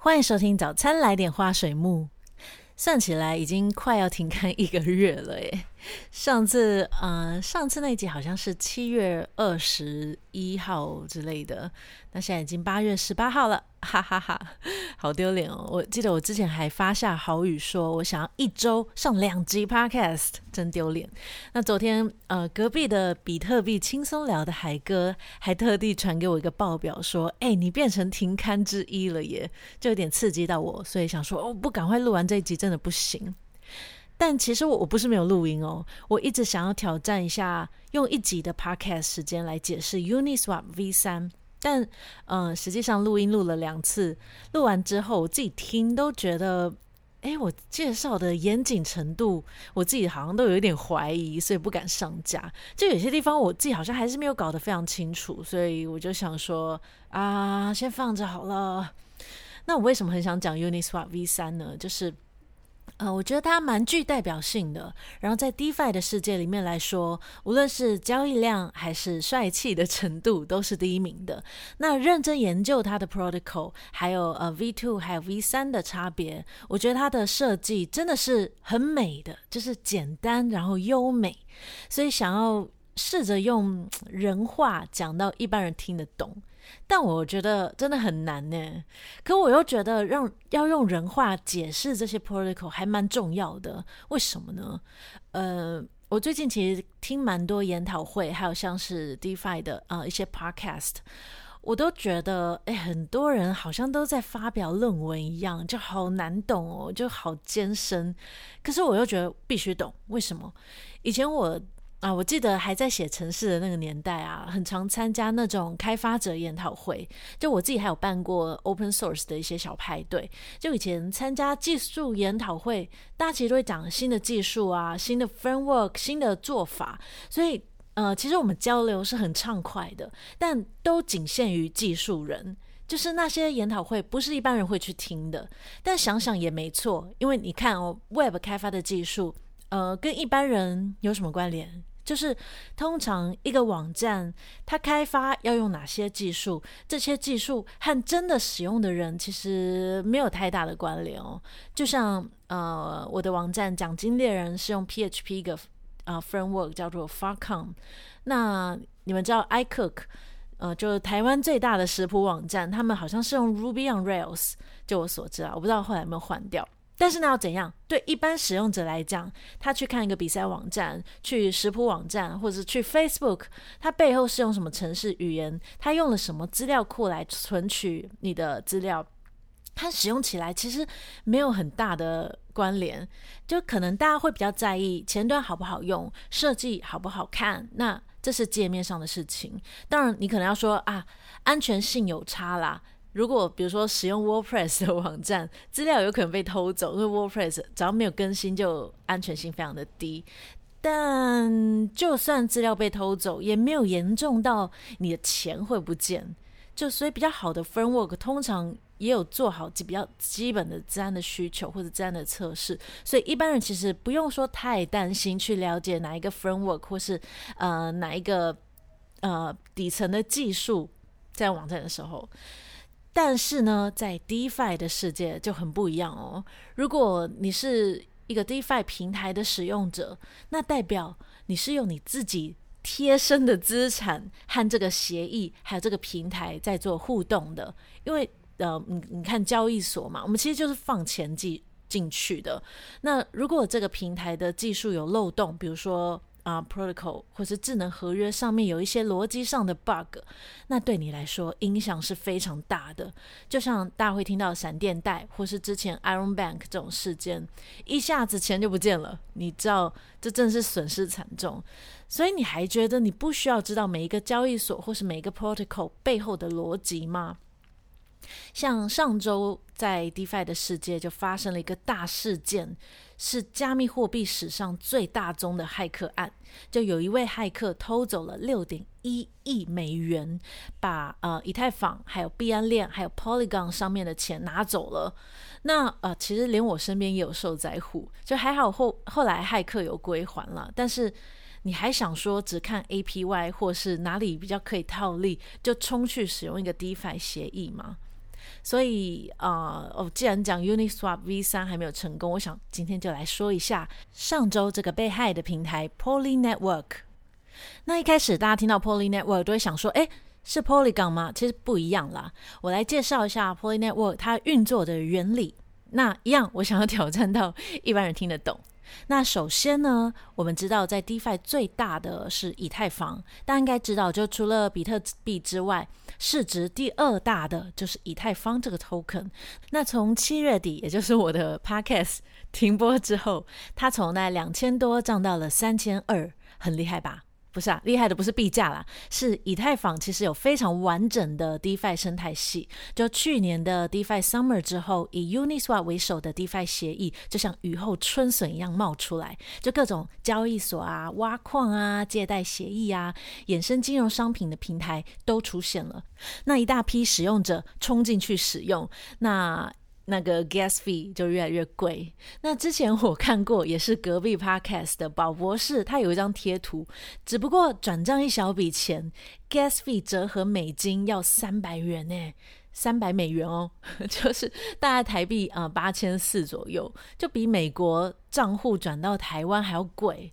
歡迎收聽早餐，來點花水木，算起來已經快要停刊一個月了耶。上次，嗯、呃，上次那集好像是七月二十一號之類的，那現在已經八月十八號了，哈哈哈，哈，好丟臉哦！我記得我之前還發下豪語，說我想要一周上兩集 Podcast，真丟臉。那昨天，呃，隔壁的比特幣輕鬆聊的海哥還特地傳給我一個報表，說，哎、欸，你變成停刊之一了耶，就有點刺激到我，所以想說，哦，不，趕快錄完這一集，真的不行。但其實我我不是沒有錄音哦，我一直想要挑戰一下，用一集的 Podcast 時間來解釋 Uniswap V3。但、呃、嗯，實際上錄音錄了兩次，錄完之後我自己聽都覺得，哎、欸，我介紹的嚴謹程度，我自己好像都有一點懷疑，所以不敢上架。就有些地方我自己好像還是沒有搞得非常清楚，所以我就想說啊，先放着好了。那我為什麼很想講 Uniswap V3 呢？就是。呃，我覺得它蠻具代表性的。然後在 DeFi 的世界裡面來說，無論是交易量還是帥氣的程度，都是第一名的。那認真研究它的 protocol，還有呃 V2 還有 V3 的差別，我覺得它的設計真的是很美的，就是簡單然後優美。所以想要試着用人話講到一般人聽得懂。但我覺得真的很難呢，可我又覺得讓要，要用人話解釋這些 protocol 還蠻重要的。為什麼呢？呃，我最近其實聽蠻多研討會，還有像是 DeFi 的啊、呃、一些 podcast，我都覺得，誒，很多人好像都在發表論文一樣，就好難懂哦，就好艱深。可是我又覺得必須懂，為什麼？以前我。啊，我記得還在寫程式的那個年代啊，很常參加那種開發者研討會。就我自己還有辦過 open source 的一些小派對。就以前參加技術研討會，大家其實都會講新的技術啊、新的 framework、新的做法。所以，呃，其實我們交流是很暢快的，但都僅限於技術人，就是那些研討會不是一般人會去聽的。但想想也沒錯，因為你看哦，Web 開發的技術，呃，跟一般人有什麼關聯？就是通常一個網站它開發要用哪些技術，這些技術和真的使用的人其實沒有太大的關聯哦。就像呃我的網站獎金獵人是用 PHP 的啊、呃、framework 叫做 Farcom，那你們知道 iCook 呃就是台灣最大的食譜網站，他們好像是用 Ruby on Rails，就我所知啊，我不知道後來有沒有換掉。但是那要怎樣？對一般使用者來講，他去看一個比賽網站、去食譜網站，或者是去 Facebook，他背後是用什麼程式語言？他用了什麼資料庫來存取你的資料？他使用起來其實沒有很大的關聯，就可能大家會比較在意前端好不好用、設計好不好看。那這是界面上的事情。當然，你可能要說啊，安全性有差啦。如果比如說使用 WordPress 的網站，資料有可能被偷走，因為 WordPress 只要沒有更新就安全性非常的低。但就算資料被偷走，也沒有嚴重到你的錢會不見。就所以比較好的 framework 通常也有做好比較基本的資安的需求，或者資安的測試，所以一般人其實不用說太擔心去了解哪一個 framework 或是呃哪一個呃底層的技術在網站的時候。但是呢，在 DeFi 的世界就很不一樣哦。如果你是一個 DeFi 平台的使用者，那代表你是用你自己貼身的資產和這個協議還有這個平台在做互動的。因為，呃，你你看交易所嘛，我們其實就是放錢進進去的。那如果這個平台的技術有漏洞，比如說，啊，protocol 或是智能合約上面有一些邏輯上的 bug，那對你來說影響是非常大的。就像大家會聽到閃電貸或是之前 Iron Bank 這種事件，一下子錢就不見了，你知道這真的是損失慘重。所以你還覺得你不需要知道每一個交易所或是每一個 protocol 背後的邏輯嗎？像上週在 DeFi 的世界就發生了一個大事件，是加密貨幣史上最大宗的駭客案。就有一位駭客偷走了六點一億美元，把呃以太坊、還有幣安鏈、還有 Polygon 上面的錢拿走了。那呃其實連我身邊也有受災戶，就還好後後來駭客有歸還了。但是你還想說只看 APY 或是哪裡比較可以套利，就衝去使用一個 DeFi 協議嗎？所以啊、呃哦，既然講 Uniswap V3 還沒有成功，我想今天就來說一下上周這個被害的平台 Poly Network。那一開始大家聽到 Poly Network 都會想說，哎，是 Polygon 嗎？其實不一樣啦。我來介紹一下 Poly Network 它運作的原理。那一樣，我想要挑戰到一般人聽得懂。那首先呢，我們知道在 DeFi 最大的是以太坊，大家應該知道，就除了比特幣之外，市值第二大的就是以太坊這個 Token。那從七月底，也就是我的 Podcast 停播之後，它從那兩千多漲到了三千二，很厲害吧？不是啊，厲害的不是幣價啦，是以太坊其實有非常完整的 DeFi 生態系。就去年的 DeFi Summer 之後，以 Uniswap 為首的 DeFi 協議就像雨後春筍一樣冒出來，就各種交易所啊、挖礦啊、借貸協議啊、衍生金融商品的平台都出現了，那一大批使用者衝進去使用，那。那個 gas fee 就越來越貴。那之前我看過，也是隔壁 podcast 的寶博士，他有一張貼圖，只不過轉賬一小筆錢，gas fee 折合美金要三百元呢、欸，三百美元哦、喔，就是大概台幣啊八千四左右，就比美國賬戶轉到台灣還要貴。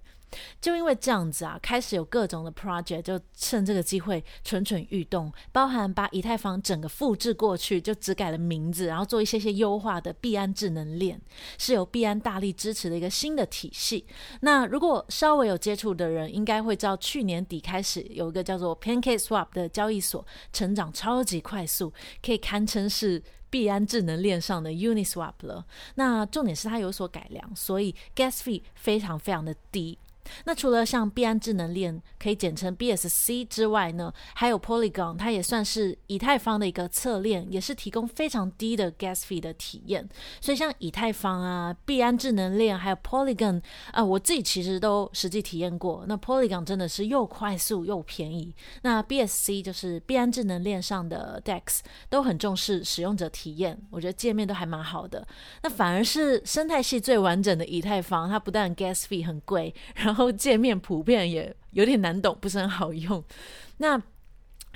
就因為這樣子啊，開始有各種的 project，就趁這個機會蠢蠢欲動，包含把以太坊整個複製過去，就只改了名字，然後做一些些優化的幣安智能鏈，是由幣安大力支持的一個新的體系。那如果稍微有接觸的人，應該會知道去年底開始有一個叫做 PancakeSwap 的交易所成長超級快速，可以堪稱是幣安智能鏈上的 Uniswap 了。那重點是它有所改良，所以 Gas Fee 非常非常的低。那除了像幣安智能鏈可以簡稱 BSC 之外呢，還有 Polygon，它也算是以太坊的一個側鏈，也是提供非常低的 Gas Fee 的體驗。所以像以太坊啊、幣安智能鏈還有 Polygon 啊，我自己其實都實際體驗過。那 Polygon 真的是又快速又便宜。那 BSC 就是幣安智能鏈上的 DEX，都很重視使用者體驗，我覺得界面都還蠻好的。那反而是生態系最完整的以太坊，它不但 Gas Fee 很貴，然後，然後界面普遍也有點難懂，不是很好用。那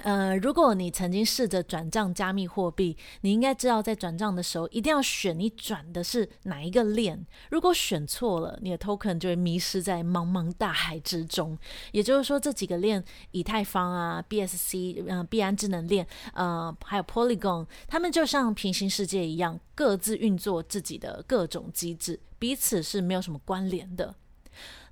呃，如果你曾經試着轉賬加密貨幣，你應該知道在轉賬的時候一定要選你轉的是哪一個鏈。如果選錯了，你的 token 就會迷失在茫茫大海之中。也就是說，這幾個鏈，以太坊啊、BSC、呃、嗯、幣安智能鏈、嗯、呃，還有 Polygon，它們就像平行世界一樣，各自運作自己的各種機制，彼此是沒有什麼關聯的。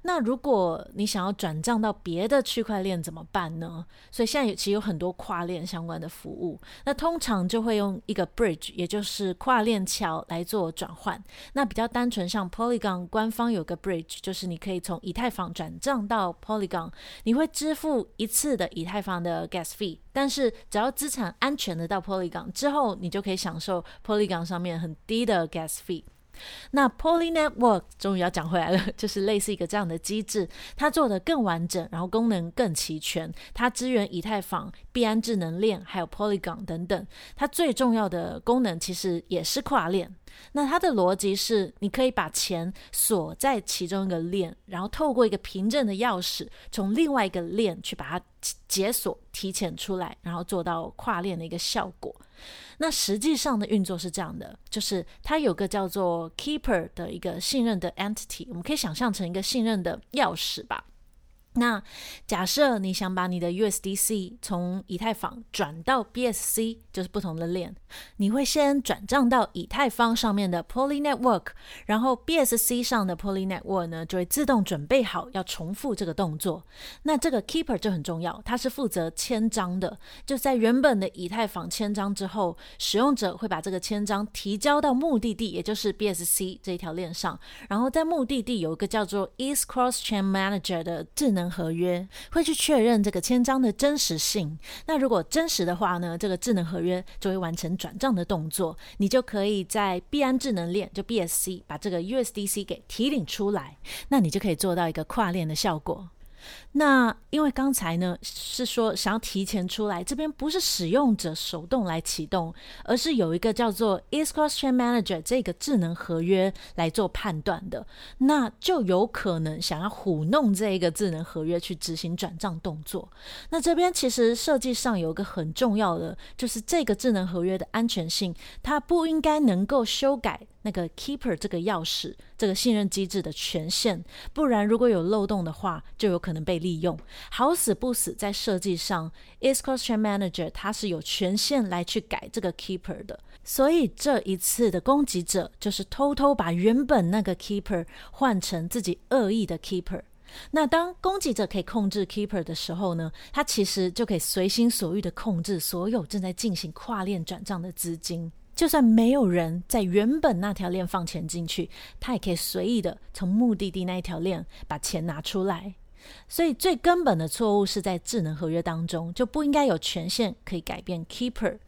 那如果你想要轉賬到別的區塊鏈怎麼辦呢？所以現在其實有很多跨鏈相關的服務。那通常就會用一個 bridge，也就是跨鏈橋來做轉換。那比較單純，像 Polygon 官方有個 bridge，就是你可以從以太坊轉賬到 Polygon，你會支付一次的以太坊的 gas fee，但是只要資產安全的到 Polygon 之後，你就可以享受 Polygon 上面很低的 gas fee。那 Poly Network 終於要講回來了，就是類似一個這樣的機制，它做得更完整，然後功能更齊全，它支援以太坊、幣安智能鏈還有 Polygon 等等，它最重要的功能其實也是跨鏈。那它的邏輯是，你可以把錢鎖在其中一個鏈，然後透過一個憑證的鑰匙，從另外一個鏈去把它解鎖、提錢出來，然後做到跨鏈的一個效果。那實際上的運作是這樣的，就是它有個叫做 Keeper 的一個信任的 entity，我們可以想象成一個信任的鑰匙吧。那假設你想把你的 USDC 從以太坊轉到 BSC，就是不同的鏈，你會先轉賬到以太坊上面的 Poly Network，然後 BSC 上的 Poly Network 呢，就會自動準備好要重複這個動作。那這個 Keeper 就很重要，它是負責簽章的。就在原本的以太坊簽章之後，使用者會把這個簽章提交到目的地，也就是 BSC 這一條鏈上，然後在目的地有一個叫做 Eth Cross Chain Manager 的智能。合約會去確認這個簽章的真實性。那如果真實的話呢，這個智能合約就會完成轉賬的動作，你就可以在幣安智能鏈，就 BSC，把這個 USDC 給提領出來，那你就可以做到一個跨鏈的效果。那因為剛才呢是說想要提前出來，這邊不是使用者手動來啟動，而是有一個叫做 EthCrossChainManager 這個智能合約來做判斷的，那就有可能想要糊弄這個智能合約去執行轉賬動作。那這邊其實設計上有一個很重要的，就是這個智能合約的安全性，它不應該能夠修改。那個 keeper 這個鑰匙，這個信任機制的權限，不然如果有漏洞的話，就有可能被利用。好死不死，在設計上，EthCrossChainManager 它是有權限來去改這個 keeper 的，所以這一次的攻擊者就是偷偷把原本那個 keeper 換成自己惡意的 keeper。那當攻擊者可以控制 keeper 的時候呢，他其實就可以隨心所欲的控制所有正在進行跨鏈轉賬的資金。就算沒有人在原本那條鏈放錢進去，他也可以隨意的從目的地那一條鏈把錢拿出來。所以最根本的錯誤是在智能合約當中，就不應該有權限可以改變 keeper。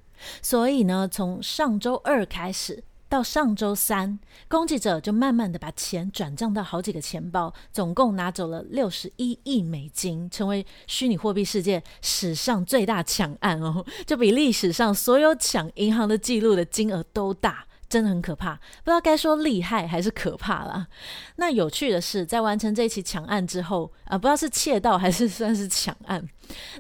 所以呢，從上周二開始。到上周三，攻擊者就慢慢的把錢轉賬到好幾個錢包，總共拿走了六十一億美金，成為虛擬貨幣世界史上最大搶案哦，就比歷史上所有搶銀行的記錄的金額都大。真的很可怕，不知道該說厲害還是可怕啦。那有趣的是，在完成這起搶案之後啊、呃，不知道是竊盜還是算是搶案。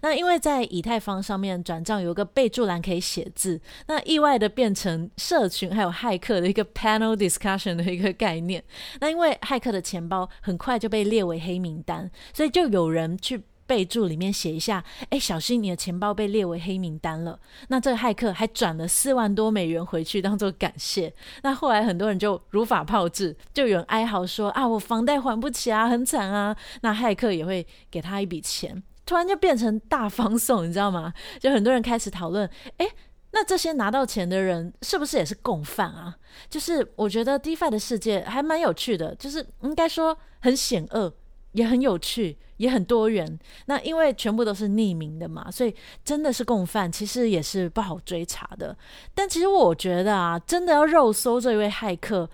那因為在以太坊上面轉賬有個備註欄可以寫字，那意外的變成社群還有駭客的一個 panel discussion 的一個概念。那因為駭客的錢包很快就被列為黑名單，所以就有人去。備註裡面寫一下，哎、欸，小心你的錢包被列為黑名單了。那這個駭客還轉了四萬多美元回去當做感謝。那後來很多人就如法炮制，就有人哀嚎說啊，我房貸還不起啊，很慘啊。那駭客也會給他一筆錢，突然就變成大方送，你知道嗎？就很多人開始討論，哎、欸，那這些拿到錢的人是不是也是共犯啊？就是我覺得低 i 的世界還蠻有趣的，就是應該說很險惡。也很有趣，也很多元。那因為全部都是匿名的嘛，所以真的是共犯，其實也是不好追查的。但其實我覺得啊，真的要肉搜這一位駭客，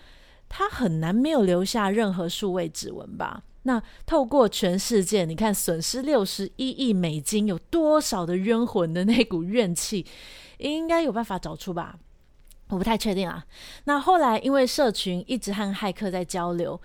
他很難沒有留下任何數位指紋吧？那透過全世界，你看損失六十一億美金，有多少的冤魂的那股怨氣，應該有辦法找出吧？我不太確定啊，那後來因為社群一直和駭客在交流，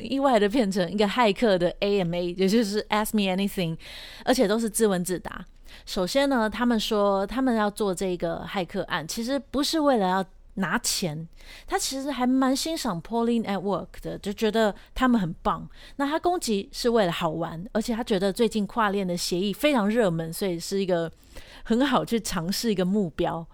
意外的變成一個駭客的 AMA，也就是 Ask Me Anything，而且都是自問自答。首先呢，他們說他們要做這個駭客案，其實不是為了要。拿錢，他其實還蠻欣賞 Poly Network 的，就覺得他們很棒。那他攻擊是為了好玩，而且他覺得最近跨鏈的協議非常熱門，所以是一個很好去嘗試一個目標。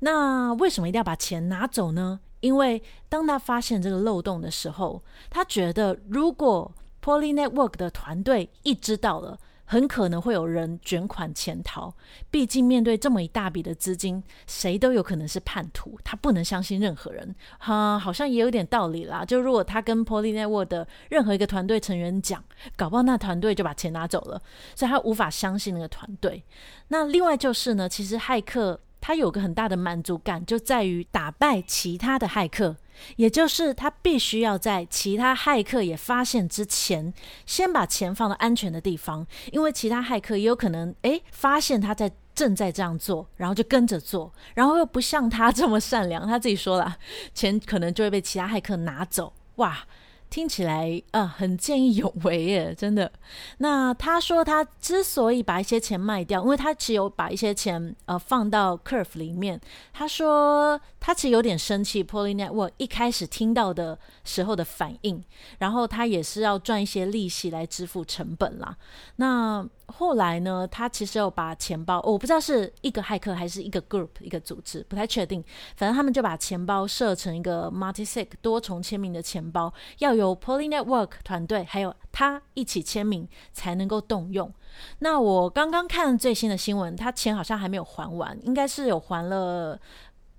那為什麼一定要把錢拿走呢？因為當他發現這個漏洞的時候，他覺得如果 Poly Network 的團隊一知道了。很可能會有人捲款潛逃，畢竟面對這麼一大筆的資金，誰都有可能是叛徒。他不能相信任何人，哈、嗯，好像也有點道理啦。就如果他跟 Poly Network 的任何一個團隊成員講，搞不好那團隊就把錢拿走了，所以他無法相信那個團隊。那另外就是呢，其實駭客。他有個很大的滿足感，就在於打敗其他的駭客，也就是他必須要在其他駭客也發現之前，先把錢放到安全的地方，因為其他駭客也有可能誒、欸，發現他在正在這樣做，然後就跟着做，然後又不像他這麼善良，他自己說了，錢可能就會被其他駭客拿走，哇！聽起來啊，很見義勇為耶，真的。那他說他之所以把一些錢賣掉，因為他只有把一些錢呃放到 Curve 裡面。他說他其實有點生氣，Poly Network 一開始聽到的時候的反應，然後他也是要賺一些利息來支付成本啦。那。後來呢，他其實有把錢包，哦、我不知道是一個駭客還是一個 group 一個組織，不太確定。反正他們就把錢包設成一個 multisig 多重簽名的錢包，要有 Poly Network 團隊還有他一起簽名才能夠動用。那我剛剛看了最新的新聞，他錢好像還沒有還完，應該是有還了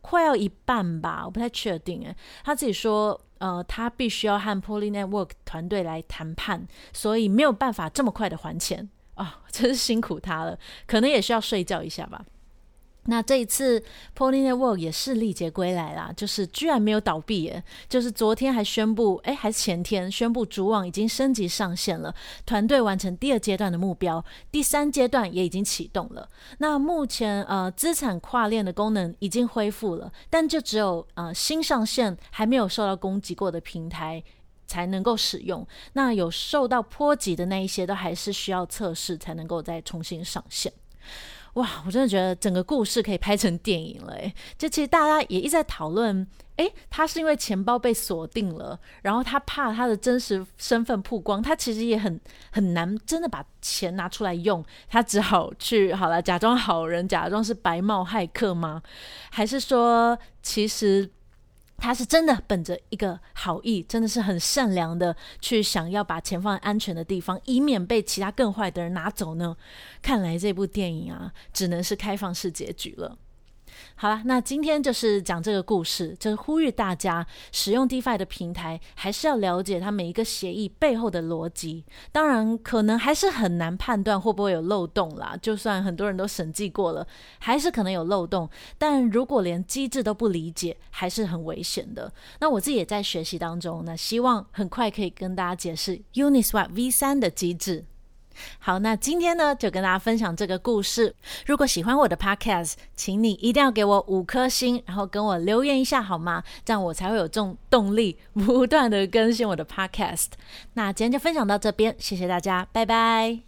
快要一半吧，我不太確定。誒，他自己說，呃，他必須要和 Poly Network 團隊來談判，所以沒有辦法這麼快的還錢。啊、哦，真是辛苦他了，可能也需要睡覺一下吧。那這一次 Poly Network 也是歷劫歸來啦，就是居然沒有倒閉耶，就是昨天還宣佈，哎，還是前天宣佈主網已經升級上線了，團隊完成第二階段的目標，第三階段也已經啟動了。那目前呃，資產跨鏈的功能已經恢復了，但就只有呃新上線還沒有受到攻擊過的平台，才能夠使用。那有受到波及的那一些，都還是需要測試才能夠再重新上線。哇，我真的覺得整個故事可以拍成電影了欸！就其實大家也一直在討論，欸，他是因為錢包被鎖定了，然後他怕他的真實身份曝光，他其實也很很難，真的把錢拿出來用，他只好去好了假裝好人，假裝是白帽駭客嗎？還是說其實？他是真的本着一個好意，真的是很善良的，去想要把錢放在安全的地方，以免被其他更壞的人拿走呢？看來這部電影啊，只能是開放式結局了。好啦，那今天就是講這個故事，就是呼籲大家使用 DeFi 的平台，還是要了解它每一個協議背後的邏輯。當然，可能還是很難判斷會不會有漏洞啦。就算很多人都審計過了，還是可能有漏洞。但如果連機制都不理解，還是很危險的。那我自己也在學習當中，那希望很快可以跟大家解釋 Uniswap V3 的機制。好，那今天呢，就跟大家分享這個故事。如果喜歡我的 podcast，請你一定要給我五顆星，然後跟我留言一下好嗎？這樣我才會有這種動力，不斷的更新我的 podcast。那今天就分享到這邊，謝謝大家，拜拜。